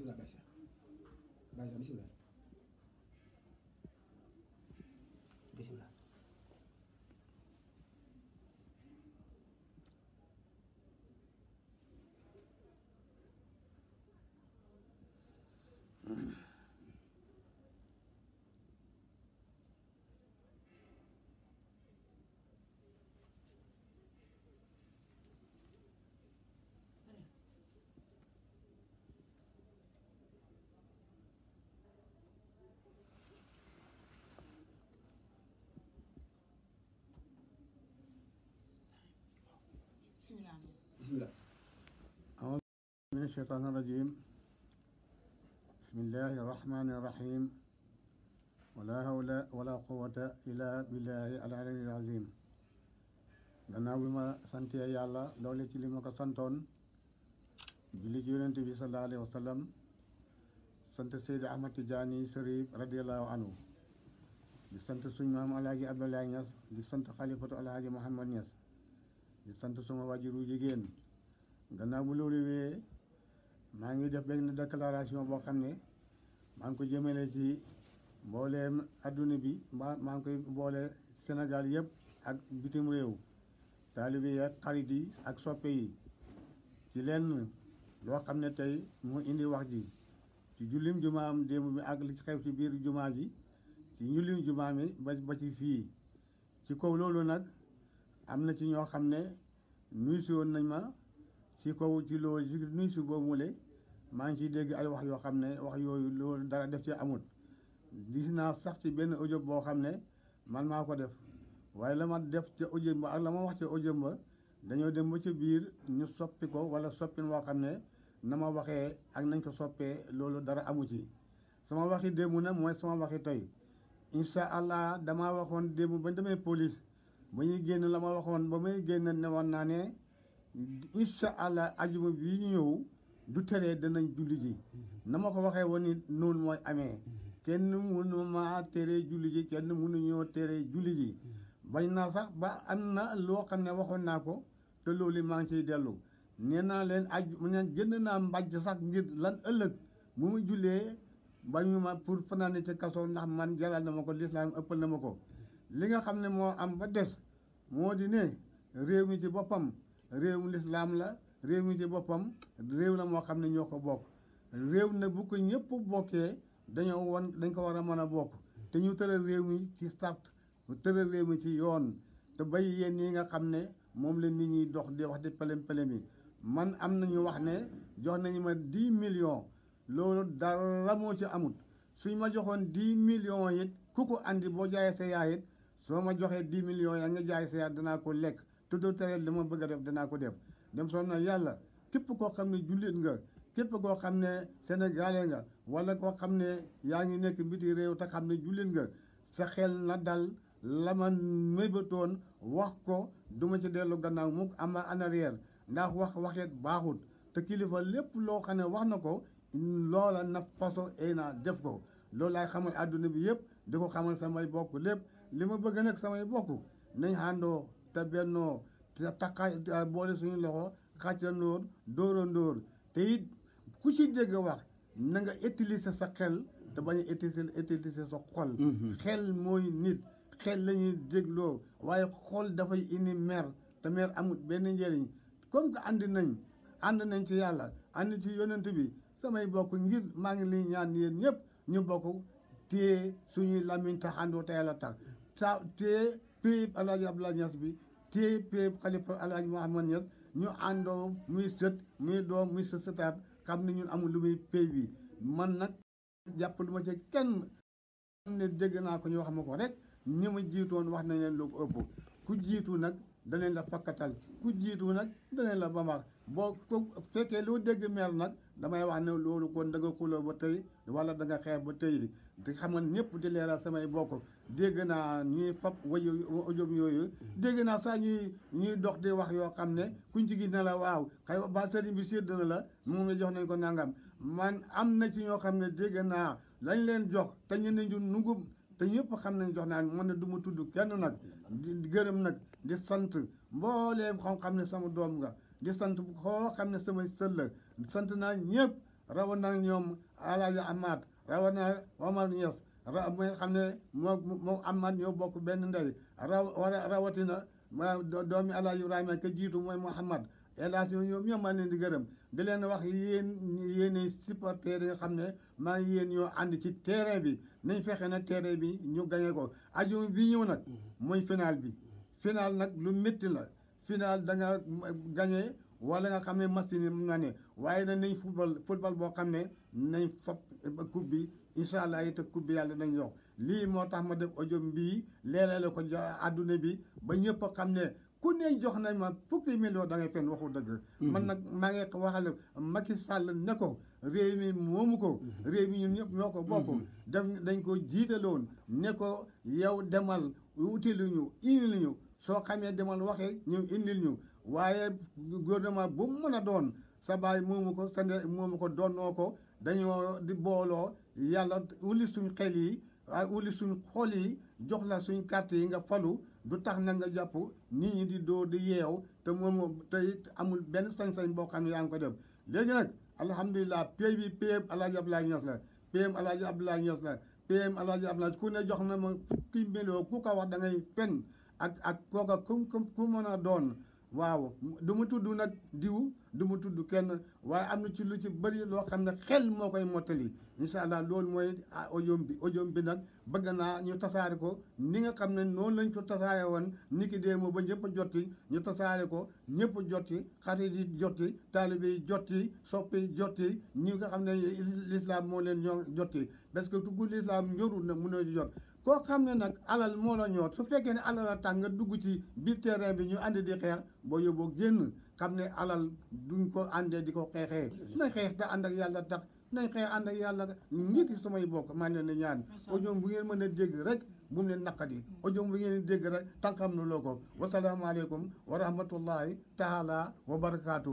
bisimilah Baye Cheikh Baye Cheikh bisimilah bismillah bismillah أعوذ من الشيطان الرجيم بسم الله الرحمن الرحيم ولا حول ولا قوة إلا بالله العلي العظيم gannaaw bi ma santee yàlla doole ci li ma ko santoon julli ci yonent bi sallallahu alayhi wa sallam sant Seydi Ahmad Tijaani Sërif radiallahu anhu di sant suñ maam alaaji Abdoulaye Niass di sant xalifatu alaaji Mouhamad Niass di sant sama waajuru jigéen gannaaw bu loolu wee maa ngi def benn déclaration boo xam ne maa ngi ko jëmale ci mbooleem adduna bi maa maa ngi koy boole Sénégal yëpp ak bitim réew taalibe yi ak xarit yi ak soppe yi ci lenn loo xam ne tey moo indi wax ji ci jullim jumaam démb bi ak li xew ci biir jumaa ji ci jullim jumaa mi ba ci fii ci kaw loolu nag am na ci ñoo xam ne nuyu si woon nañ ma ci kaw ci loolu ci nuyu si boobu mule maa ngi ciy dégg ay wax yoo xam ne wax yooyu loolu dara def ci amul gis naa sax ci benn audio boo xam ne man maa ko def waaye la ma def ca audio ba ak la ma wax ca audio ba dañoo dem ba ca biir ñu soppi ko wala soppin woo xam ne na ma waxee ak nañ ko soppee loolu dara amu ci sama waxi démb na mooy sama waxi tey incha allah dama waxoon démb bañ demee police ba ñuy génn la ma waxoon ba may génn ne woon naa ne incha allah ajuma bii ñu ñëw du teree danañ julli yi na ma ko waxee woon ni noonu mooy amee kenn mënu maa téere jullit yi kenn mënu ñoo téere jullit yi bañ naa sax ba am na loo xam ne waxoon naa ko te loolu maa ngi ciy dellu nee naa leen aju neen jënd naa mbàjj sax ngir lan ëllëg bu mu jullee ñu ma pour fanaane ci kaso ndax man jalal na ma ko lislaam ëppal na ma ko li nga xam ne moo am ba des moo di ne réew mi ci boppam réewum lislaam la réew mi ci boppam réew la moo xam ne ñoo ko bokk réew na bu ko ñëpp bokkee dañoo won dañ ko war a mën a bokk te ñu tëral réew mi ci sart tëral réew mi ci yoon te bay yéen yi nga xam ne moom leen nit ñuy dox di wax di pelem pelem yi man am nañu wax ne jox nañu ma dix million loolu dara moo ci amut suñ ma joxoon dix millions it ku ko indi boo jaayee sa yaay it soo ma joxee dix millions yaa nga jaay sa yaat danaa ko lekk tudd tere li ma bëgg a def danaa ko def dem soo na yàlla képp koo xam ne jullit nga képp koo xam ne sénégalais nga walla koo xam ne yaa ngi nekk mbiti réew te xam ne jullit nga sa xel na dal la ma mébatoon wax ko du ma ci dellu gannaaw mukk ama en arrière ndax wax waxeet baaxut te kilifa lépp loo xam ne wax na ko loola na façon ay naa def ko loolu laay xamal àdduna bi yëpp di ko xamal samay bokk lépp li ma bëgg nag samay bokk nañ àndoo te bennoo te takka boole suñu loxo xàccandoor dóorandoor te it ku ci dégg wax na nga utiliser sa xel te bañ a utiliser utiliser sa xol mm-hmm. xel mooy nit xel lañuy jégloo waaye xol dafay indi mer te mer amul benn njëriñ comme que ànd nañ ànd nañ ci yàlla ànd ci yonent bi samay bokk ngir maa ngi li ñaan yéen ñëpp ñu bokk téye suñuy lamiñ taxandoo te yàlla tax sa téye péyib alaaji Abdoulaye Niass bi téye péyib xalifa alaaji Mouhamad Niass ñu àndoo muy sët muy doom muy sët sëtaat xam ne ñun amul lu muy péy bi man nag jàpp lu ma ci kenn ne dégg naa ko ñu wax ma ko rek ñu ma jiitoon wax nañ leen lu ko ëpp ku jiitu nag danañ la fakkatal ku jiitu nag danañ la bambax boo ko fekkee loo dégg mer nag damay wax ne loolu kon da nga ba tey wala danga nga xeex ba tey te xam nga ñëpp di leeral samay bokk dégg naa ñuy fab wayu ojom yooyu dégg naa sax ñuy ñuy dox di wax yoo xam ne kuñ ci na la waaw xëy ba sëriñ bi sédd na la moom la jox nañ ko nàngam man am na ci ñoo xam ne dégg naa lañ leen jox te ñu ne ñu nungum te ñëpp xam nañ jox naa man ne du ma tudd kenn nag gërëm nag di sant mbooleem xam xam ne sama doom nga di sant koo xam ne sama sët la sant naa ñëpp rawa naa ñoom alaaji amaat rawa naa Omar Niass ra mi nga xam ne moo moo amaat ñoo bokk benn ndey raw rawatina doomi alaaji Ibrahima ka mooy Mouhamad hélas ñoo ñoom ñoom maa leen di gërëm di leen wax yéen yéen supporters yi nga xam ne maa ngi yéen ñoo ànd ci terrain bi nañ fexee na terrain bi ñu gañe ko ajuma bi ñëw nag mooy mm-hmm. final bi final nag lu métti la final da nga gagné nga xam ne match yi na ne waaye na nañ football football boo xam ne nañ fab coupe bi incha allah it coupe bi yàlla nañ yox lii moo tax ma def audio bii leeral ko ko adduna bi ba ñëpp a xam ne ku ne jox nañ ma fukki million da ngay fenn waxu dëgg mm-hmm. man nag maa ngi waxale Macky Sall ne ko réew mi moomu ko mm-hmm. réew mi ñun ñëpp ñoo ko bokk mm-hmm. def dañ ko jiitaloon ne ko yow demal utiluñu indi luñu soo xamee demal waxee ñu indil ñu waaye gouvernement bu mu mën a doon sa baay moomu ko sa ndey moomu ko doonoo ko dañoo di booloo yàlla wuli suñ xel yi waaye wuli suñ xool yi jox la suñ carte yi nga falu du tax na nga jàpp nit ñi di doo di yeew te moom tey amul benn sañ-sañ boo xam ne yaa ngi ko def léegi nag alhamdulilah pay bi payem alaaji Abdoulaye Niass la payem alaaji Abdoulaye Niass la payem alaaji Abdoulaye ku ne jox na ma fukki million ku ko wax da ngay fen ak ak kooka kum kum ku mën a doon waaw du mu tudd nag diw du mu tudd kenn waaye am na ci lu ci bëri loo xam ne xel moo koy mottali incha allah loolu mooy ah, audio bi audio bi nag bëgg naa ñu tasaare ko ni nga xam ne noonu lañ ko tasaare woon ni ki démb ba ñëpp jotti ñu tasaare ko ñëpp jotti xarit yi jotti taalibe yi jotti soppi jotti ñi nga xam ne lislaam moo leen ñoo jotti parce que tugg lislaam ñorul na mun a jot koo xam ne nag alal moo la ñor su fekkee ne alal la tax nga dugg ci biir terrain bi ñu ànd di xeex boo yóbboo génn xam ne alal duñ ko àndee di ko xeexee su nañ xeex te ànd ak yàlla tax nañ xeex ànd ak yàlla nit samay bokk maa leen di ñaan audio bu ngeen mën a dégg rek bu mu leen naqadi audio bu ngeen dégg rek tànkam nu loo ko wasalaamaaleykum wa rahmatullahi taala wa barakaatu